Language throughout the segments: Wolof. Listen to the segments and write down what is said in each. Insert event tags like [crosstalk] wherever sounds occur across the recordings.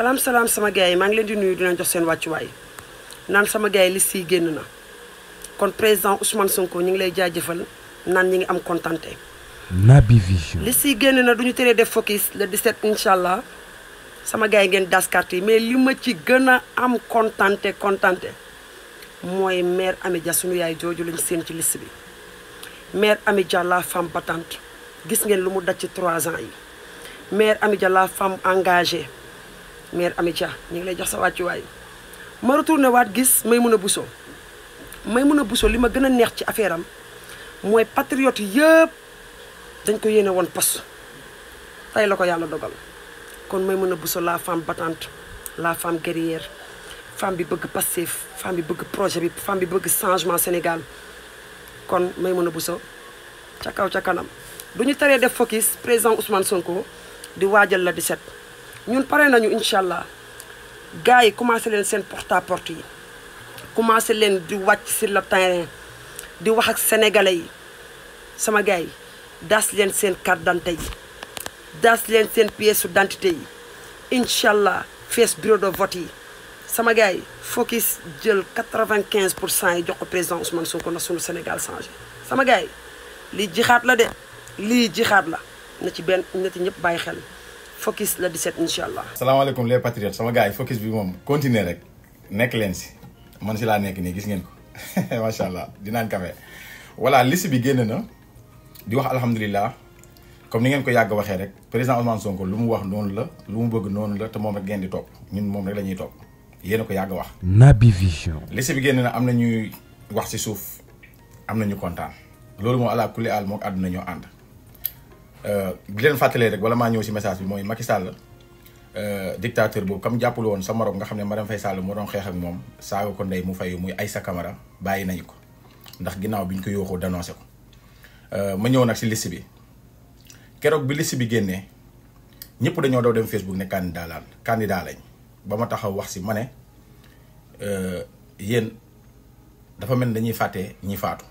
salam salam sama gay yi ngi leen di nuyu dina jox sen seen way nan sama gay yi liste yi na kon président Ousmane Sonko ñu ngi lay jaajëfal nan ñi ngi am contenté Nabi Vision. liste yi génn na duñu ñu def focus le 17 incha sama gay yi ngeen das carte mais li ma ci gëna am contenté contenté moy mère Amy Dia sunu yaay jooju luñu seen ci liste bi mère Amy Dia la femme battante gis ngeen lu mu daj ci 3 ans yi mère Amy Dia la femme engagée. mère Amitia ñi ngi lay jox sa way ma retourné wat gis may mëna busso may mëna busso lima gëna neex ci affaire am moy patriote yépp dañ ko yéene won pass tay lako yalla dogal kon mëna busso la femme battante la femme guerrière femme bi bëgg Pastef femme bi bëgg projet bi femme bi bëgg changement Sénégal kon mëna busso ca kaw ca kanam buñu taré def focus président Ousmane Sonko di wajal la set ñun paré nañu inshallah gaay commencé len sen porte à porte yi commencé len di wacc sur le terrain di wax ak sénégalais yi sama gaay yi len sen carte d'identité yi daas leen seen pièce d'identité yi incha allah bureau de vote yi sama gaay focus jël 95% yi jox ko président Ousmane Sonko na sunu Sénégal changé sama gaay li lii la dé li jixaat la na ci ben na ci ñëpp bàyyi xel focus la 17 incha allah. salaamaaleykum les patriotes sama gars yi focus bi moom continuer rek nekk leen si man si laa nekk nii gis ngeen ko [laughs] macha allah dinaan kafe voilà liste bi génn na di wax alhamdulillah comme ni ngeen ko yàgg waxee rek président Ousmane Sonko lu mu wax noonu la lu mu bëgg noonu la te moom rek ngeen di topp ñun moom rek la ñuy topp yéen a ko yàgg wax. Naby Vision. liste bi génn na am na ñuy wax si suuf am na ñu kontaan loolu moo allah kulli aal moo àdduna ñoo ànd. Euh, bi leen fàttalee rek wala maa ñëw si message bi mooy Macky Sall euh, dictateur boobu comme jàppul woon sa morom nga xam ne Marème Faye Sall moo doon xeex ak moom saaga ko ndey mu fayu muy sa kamara bàyyi nañu ko ndax ginnaaw bi ñu ko yooxoo dénoncé ko euh, ma ñëw nag si liste bi keroog bi list bi génnee ñëpp dañoo daw dem Facebook ne candidat laan candidat lañ ba ma taxaw wax si ma ne yéen dafa mel dañuy fàtte ñi faatu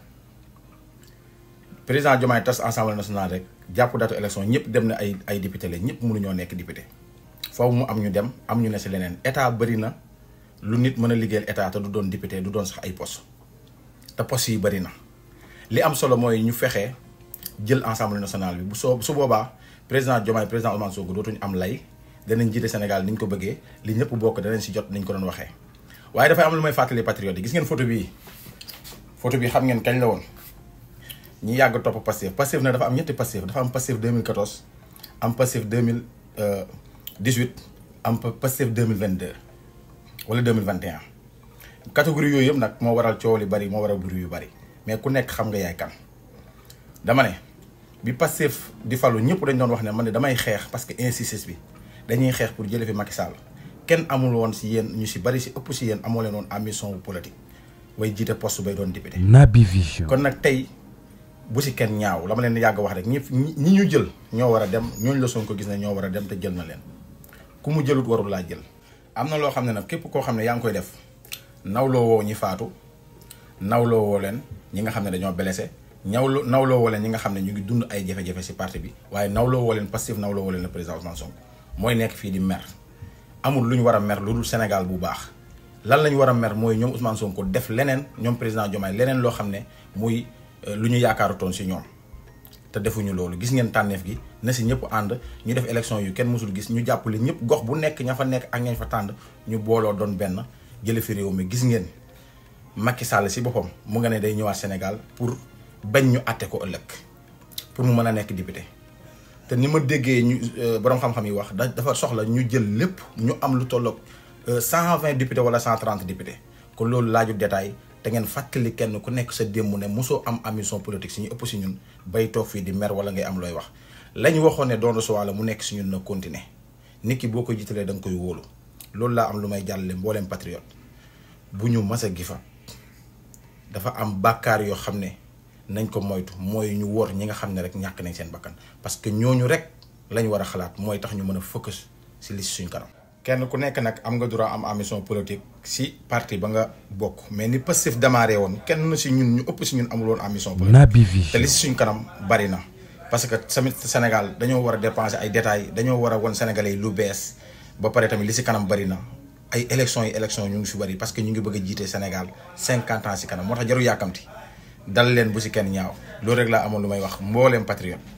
président Diomaye tas assemblée nationale rek. jàpp datu élection ñëpp dem na ay ay député la ñëpp mënuñoo nekk député foofu mu am ñu dem am ñu ne si leneen état bëri na lu nit mën a liggéeyal état te du doon député du doon sax ay pos te pos yi bëri na li am solo mooy ñu fexe jël assemblée national bi bu soo su boobaa président Diomaye président Ousmane Sonko dootuñu am lay danañ jiite Sénégal ni ñu ko bëggee li ñëpp bokk danañ si jot ni ñu ko doon waxee waaye dafay am lu may fàttali patriote yi gis ngeen photo bii photo bi xam ngeen la woon ñi yàgg topp Pastef Pastef nag dafa am ñetti Pastef dafa am Pastef 2014 am Pastef 2018 euh, am Pastef 2022 wala 2021 catégorie yooyu yëpp nag moo waral coow li bari moo waral buru yu bari mais ku nekk xam nga yaay kan dama ne bi Pastef di fallu ñëpp dañ doon wax ne man ne damay xeex parce que injustice bi dañuy xeex pour jële fi Macky Sall kenn amul woon si yéen ñu si bari si ëpp si yéen amoo leen woon ambition politique way jiite poste bay doon député bi Vision kon nag tey bu si kenn ñaaw la ma leen yàgg wax rek ñi ñi ñu jël ñoo war a dem ñooñu la Sonko gis ne ñoo war a dem te jël na leen ku mu jëlut warul laa jël. am na loo xam ne nag képp koo xam ne yaa ngi koy def nawloo woo ñi faatu nawloo woo leen ñi nga xam ne dañoo blessé ñawloo nawloo woo leen ñi nga xam ne ñu ngi dund ay jafe-jafe si parti bi waaye nawloo woo leen Pastef nawloo woo leen le président Ousmane Sonko mooy nekk fii di mer amul lu ñu war a mer lu dul Sénégal bu baax lan la ñu war a mer mooy ñoom Ousmane Sonko def leneen ñoom président Diomaye leneen loo xam ne muy Euh, lu ñu yaakaarutoon si ñoom te defuñu loolu gis ngeen tànneef gi na si ñëpp ànd ñu def élection yu kenn mësul gis ñu jàppale ñëpp gox bu nekk ña fa nekk ak ñañ fa tànd ñu booloo doon benn jële fi réew mi gis ngeen Macky Sall si boppam mu nga ne day ñëwaat Sénégal pour bañ ñu àtte ko ëllëg pour mu mën a nekk député te ni ma déggee ñu euh, borom xam-xam yi wax dafa soxla ñu jël lépp ñu am lu tolloog 120 euh, député wala 130 député ko loolu laaju détail Tengen ngeen fàttali kenn ku nekk sa démb ne am ambition politique si ñu ëpp si ñun bay toog fii di mer wala ngay am looy wax lañ waxoon ne doon so la mu nekk si ñun na continuer nit ki boo ko jiitalee da nga koy wóolu loolu laa am lu may jàllale mbooleem patriote bu ñu mas a dafa am bàkkaar yoo xam ne nañ ko moytu mooy ñu wor ñi nga xam rek ñàkk nañ seen bakkan parce que ñooñu rek lañ war a xalaat mooy tax ñu mën a focus si liste si suñ kanam kenn ku nekk nag am nga droit am ambition politique si parti ba nga bokk mais ni Pastef démarré woon kenn si ñun ñu ëpp si ñun amul woon ambition politique te li si suñ kanam bari na parce que tamit Sénégal dañoo war a dépenser ay détails dañoo war a won Sénégalais lu bees ba pare tamit li si kanam bari na ay élections yi élections ñu ngi si bari parce que ñu ngi bëgg jiitee jiite Sénégal cinquante ans si kanam moo tax jaru yàkkamti dal leen bu si kenn ñaaw loolu rek laa amoon lu may wax mbooleem patriote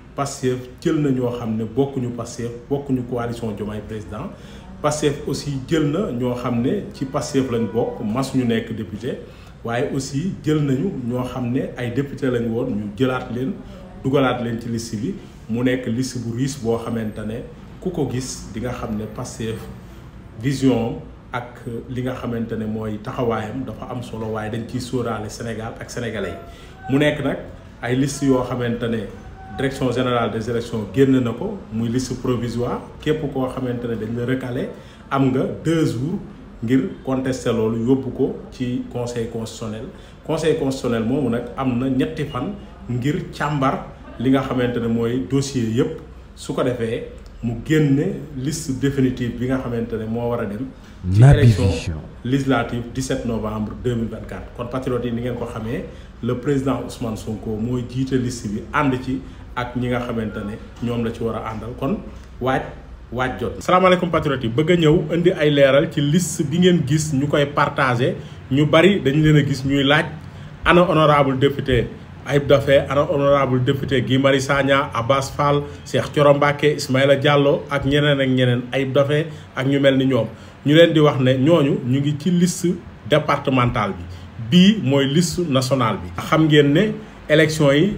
Pastef jël na ñoo xam ne bokkuñu Pastef bokkuñu coalition Diomaye président Pastef aussi jël na ñoo xam ne ci Pastef lañ bokk mas ñu nekk député waaye aussi jël nañu ñoo xam ne ay député lañ woon ñu jëlaat leen dugalaat leen ci liste bi mu nekk liste bu riche boo xamante ne ku ko gis di nga xam ne Pastef vision ak li nga xamante ne mooy taxawaayam dafa am solo waaye dañ ciy sóoraale Sénégal ak sénégalais mu nekk nag ay liste yoo xamante ne. direction générale des élections génn na ko muy liste provisoire képp ko xamantene dañ la recalé am nga deux jours ngir contester loolu yóbbu ko ci conseil constitutionnel conseil constitutionnel moomu nak amna ñetti fan ngir càmbar li nga xamantene moy dossier yépp su ko defee mu génné liste définitive bi nga xamantene mo wara a dem. ci élection législative 17 novembre 2024. kon patriote yi ni ngeen ko xamé le président Ousmane Sonko moy jité liste bi and ci. ak ñi nga xamante ne ñoom la ci war a àndal kon waaj waaj jot salaamaaleykum patriotes yi bëgg a ñëw indi ay leeral ci list bi ngeen gis ñu koy partagé ñu bari dañu leen a gis ñuy laaj ana honorable député Ayib Daffé ana honorable député Guy Marius Sagna Abass Fall Cheikh Thioro Mbacké Ismaïla ak ñeneen ak ñeneen Ayib Daffé ak ñu mel ni ñoom ñu leen di wax ne ñooñu ñu ngi ci list départementale bi bii mooy list national bi xam ngeen ne élection yi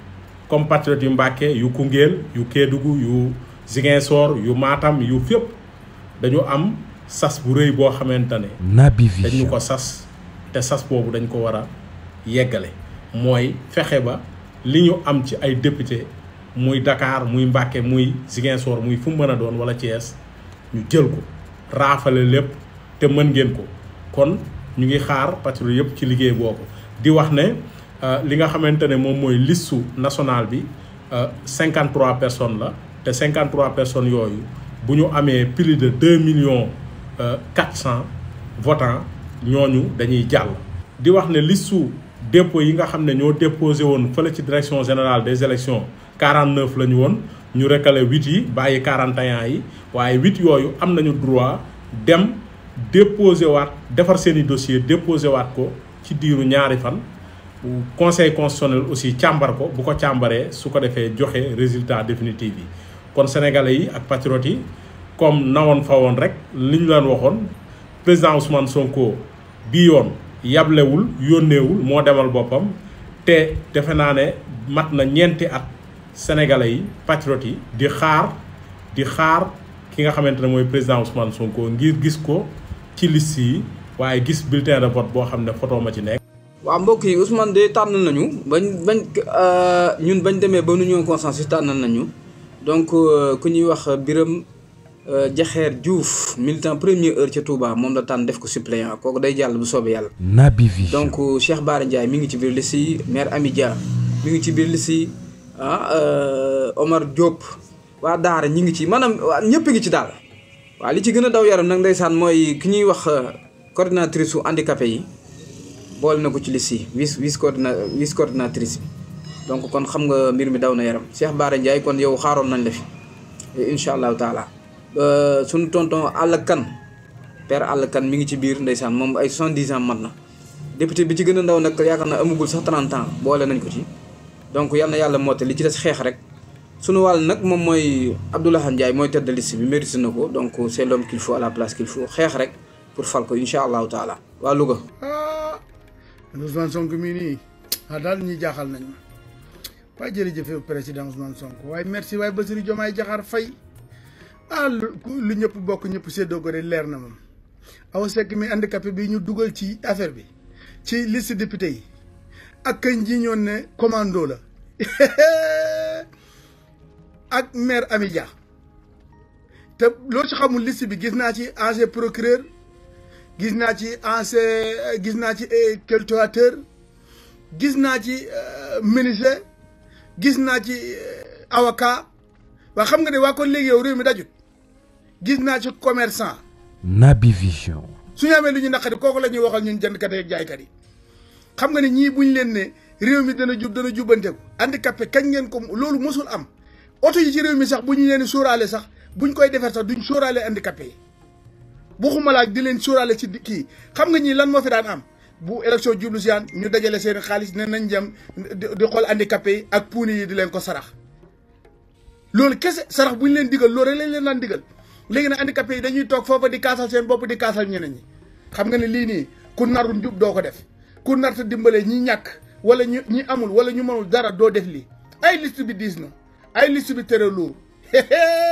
compatriotes yu ke yu kungel yu Kédougou yu sor yu Matam yu fep dañu am sas bu reuy bo xamantane nabi Naby Vision dañu ko sas te sas bobu dañ ko wara a moy mooy ba liñu am ci ay député muy Dakar muy Mbàkke muy Ziguinchor muy fu mën doon wala Thiès ñu jël ko rafalé lepp te ko kon ñu ngi xaar patrouille yëpp ci liggéey boobu di wax ne Euh, li nga xamantene mom moy mooy national nationale bi 53 euh, personnes la te 53 personnes yooyu buñu amé plus de 2 millions 400 euh, votants ñooñu dañuy jall di wax né listu dépôt yi nga xamné ne ñoo déposé fa ci direction générale des élections 49 lañu won ñu 8 yi bàyyi 41 yi wayé 8 yooyu am nañu droit dem déposé wat défar séni dossier déposé wat ko ci diiru ñaari fan bu conseil constitutionnel aussi chambar ko bu ko chambaré su ko défé joxé résultat définitif yi kon sénégalais yi ak patriotes yi comme nawon fa woon rek li ñu leen président Ousmane Sonko bii yoon yablewul yónneewul moo demal te defe naa mat na ñenti at sénégalais yi patriotes yi di xaar di xaar ki nga xamante moy président Ousmane Sonko ngir gis ko ci liste yi gis bulletin de vote bo xamné photo ma ci waa mbokk yi Ousmane de tànn nañu ba bañ euh, ñun bañ demee ba nu ñëw consensus tànnal nañu donc euh, ku ñuy wax biram Jaxeer euh, Diouf militant première heure ca Touba moom la tànn def ko suppléant kooku day jàll bu soobee yàlla. Naby Vision donc Cheikh Bara Ndiaye mi ngi ci biir liste yi maire Ami Dia mi ngi ci biir liste yi ah Omar Diop waa Daara ñi ngi ci maanaam waa ñëpp ngi ci daal. waaw li ci gën a daw yaram nag ndeysaan mooy ki ñuy wax coordinatrice wu handicapé yi. boole na ko ci liste yi vice vice coordina vice coordinatrice bi donc kon xam nga mbir mi daw na yaram Cheikh Bara Ndiaye kon yow xaaroon nañ la fi incha allahu taala euh, suñu tonton àll kan père àll kan mi ngi ci biir ndeysaan moom ay soixante-dix ans mat na député bi ci gën a ndaw nag yaakaar na amagul sax 30 ans boole nañ ko ci donc yal na yàlla moote li ci des xeex rek sunu wàll nag moom mooy Abdoulaye Ndiaye mooy tête de liste bi mérite na ko donc c'est l'homme qu'il faut à la place qu'il faut xeex rek pour fal ko incha allahu taala waa Louga Ousmane Sonko mii nii ah daal ñuy jaaxal nañ ma waaye jërëjëfe président Ousmane Sonko waaye merci waaye Bassirou Diomaye Diakhar Faye ah lu ñëpp bokk ñëpp séddoo ko de leer na moom aw sekk mi handicapé bi ñu dugal ci affaire bi ci liste député yi ak kañ ji ñoon ne commando la [laughs] ak maire Amidia te loo ci xamul liste bi gis naa ci ancien procureur gis naa ci ancien gis naa ci culturateur gis naa ci euh, ministre gis naa ci euh, avocat waa xam nga ni waa kon léegi yow réew mi dajut gis naa ci commerçant. Naby Vision. su ñu amee lu ñu naqari kooku la ñuy waxal ñun jëndkat ak jaaykat yi xam nga ne ñii buñ leen ne réew mi dana jub dana jubbanteeku. handicapé kañ ngeen ko loolu mosul am oto yi ci réew mi sax bu ñu leen sóoraale sax buñ koy defar sax ñu sóoraale handicapé yi. waxuma laaj di leen sóoraale si kii xam nga ñii lan moo fi daan am bu élection jublu si yaan ñu dajale seen xaalis ne nañ jëm di xool handicapé yi ak puuni yi di leen ko sarax loolu kese sarax bu ñu leen digal loolu rek lañ leen daan digal léegi nag handicapé yi dañuy toog foofa di kaasal seen bopp di kaasal ñeneen ñi xam nga ne lii nii ku narul njub doo ko def ku narta dimbalee ñi ñàkk wala ñu ñi amul wala ñu mënul dara doo def lii ay liste bi diis na ay liste bi [laughs]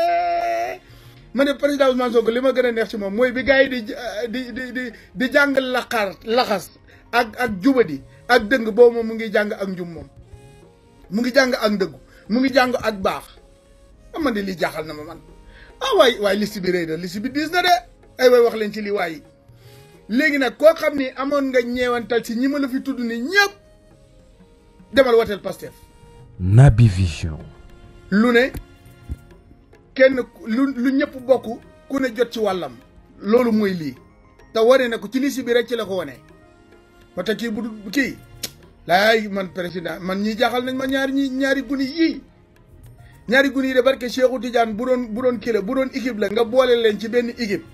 ma ne président Ousmane Sonko li ma gën a neex ci moom mooy bi gars yi di euh, di di di di jàng laxaar laxas ak ak jubadi ak dëng boobu moom mu ngi jàng ak njum moom mu ngi jàng ak ndëggu mu ngi jàng ak baax am man de lii jaaxal na ma man ah waay waay liste bi rëy na liste bi diis na de ay waay wax leen ci lii waay léegi nag koo xam ni amoon nga ñeewantal ci ñi ma la fi tudd ni ñëpp demal wateel Pastef Naby Vision lu ne kenn lu lu ñëpp bokk ku ne jot ci wàllam loolu mooy lii te wane na ko ci li bi rek ci la ko wane ba te kii bu du kii laay man président man ñii jaaxal nañ ma ñaari ñi ñaari guni yii ñaari guni yi de barke Cheikhou Tidiane bu doon bu doon kii bu doon équipe la nga boole leen ci benn équipe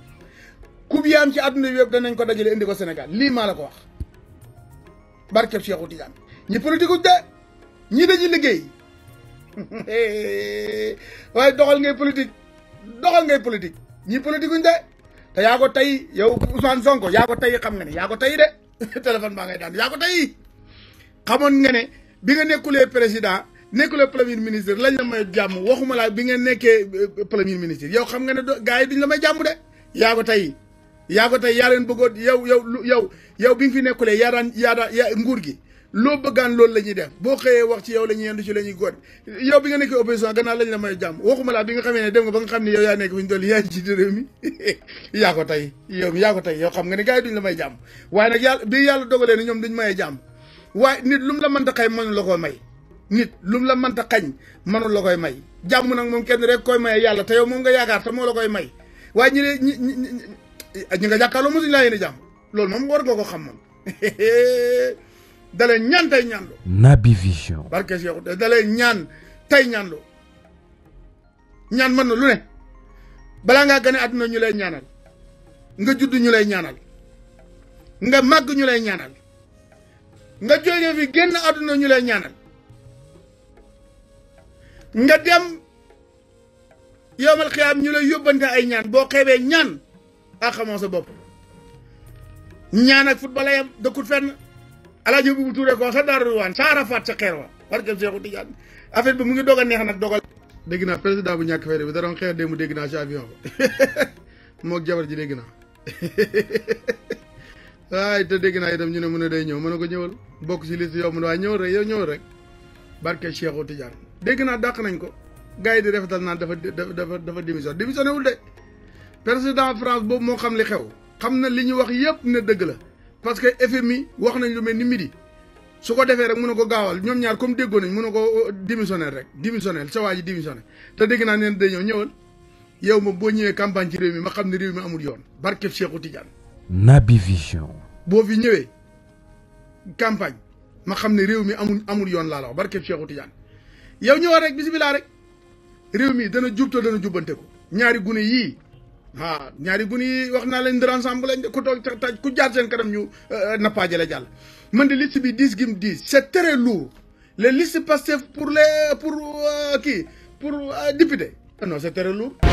coupe yi ci àdduna bi yëpp danañ ko dajale indi ko senegal lii maa la ko wax barke Cheikhou Tidiane ñi politique de ñi dañuy liggéey [laughs] waaye doxal ngay politique doxal ngay politique ñii politique uñ de te yaa ko tey yow Ousmane Sonko yaa ko tey xam nga ne yaa ko tey de [laughs] téléphone baa ngay daan yaa ko tey xamoon nga ne bi nga nekkulee président nekkulee premier ministre lañ la may jàmm waxuma laa bi nga nekkee euh, premier ministre yow xam nga ne gars yi duñ la may jàmm de yaa ko tey yaa ko tey yaa leen bëggoon yow yow yow yow bi fi nekkulee yaa daan nguur gi lool bëggaan loolu lool ñuy def boo xëyee wax ci yow la ñuy yendu ci la ñuy góor yow bi nga nekkee opposition gannaaw lañ la may jàmm waxuma laa bi nga xamee ne dem nga ba nga xam ne yow [laughs] tey yow xam nga ne gars yi duñ may jàmm waaye nag yàlla bi yàlla dogalee ne ñoom duñ mayee jàmm waaye nit lu mu la mënta xëy mënu la ko may nit lu mu la mënta xañ mënul la koy may jàmm nag moom kenn rek koy maye yàlla ta yow moom nga yaakaar ta moo la koy may waaye ñi ne ñi ñi nga jàkkaarloo mosuñ laa yéene jàmm loolu moom war nga ko xam moom [laughs] dalee ñaan tey ñaanloo. Naby Vision. barke ñaan tey ñaan mën na lu ne balaa ngaa gane àdduna ñu lay ñaanal nga judd ñu lay ñaanal nga màgg ñu lay ñaanal nga jóge fi génn àdduna ñu lay ñaanal nga dem yowmal xiyaam ñu lay yóbbante ay ñaan boo xeebee ñaan a xamoo sa bopp ñaan ak football yam dëkkut ala alaaji bu touré ko sa daru wan sa rafat sa xeer wa ke Seexu tigan affaire bi mu ngi doga neex nak dogal dégg na président bu ñak fayda bi da ron xeer démb dégg na ci avion ba [laughs] jabar ji dégg na [laughs] ay te dégg na itam ñu ne mëna day ñëw mëna ko ñëwal bok ci liste yow mëna ñëw rek yow ñëw rek barke Seexu Tijaan dégg na dak nañ ko gaay di rafetal na dafa dafa dafa démission démissionné wul de président France boobu mo xam li xew xam na li ñu wax yépp ne deug la parce que FMI wax nañ lu mel ni midi su ko defee rek mëna ko gawal ñom ñaar comme déggo nañ mëna ko uh, uh, démissionnaire rek démissionnaire sa waji ji té te dégg na neen day ñëw ñëwal yow mo bo ñëwé campagne ci réew mi ma xamni réew mi amul yoon barkeb Cheikhou Tidiane nabi Vision bo fi ñëwé campagne ma xamni réew mi amul amul yoon la la wax Cheikhou Tidiane yow ñëw rek bismillah rek réew mi dana jubto dana jubanté ko ñaari gune yi ah ñaari bu wax naa leen ndëraan ensemble lañ ku toog taj ku jaar seen kanam ñu euh, nappaaje la jàll. man de liste bi diis gi mu diis c'est très lourd les listes Pastef pour les pour euh, kii pour euh, député ah non c'est très lourd.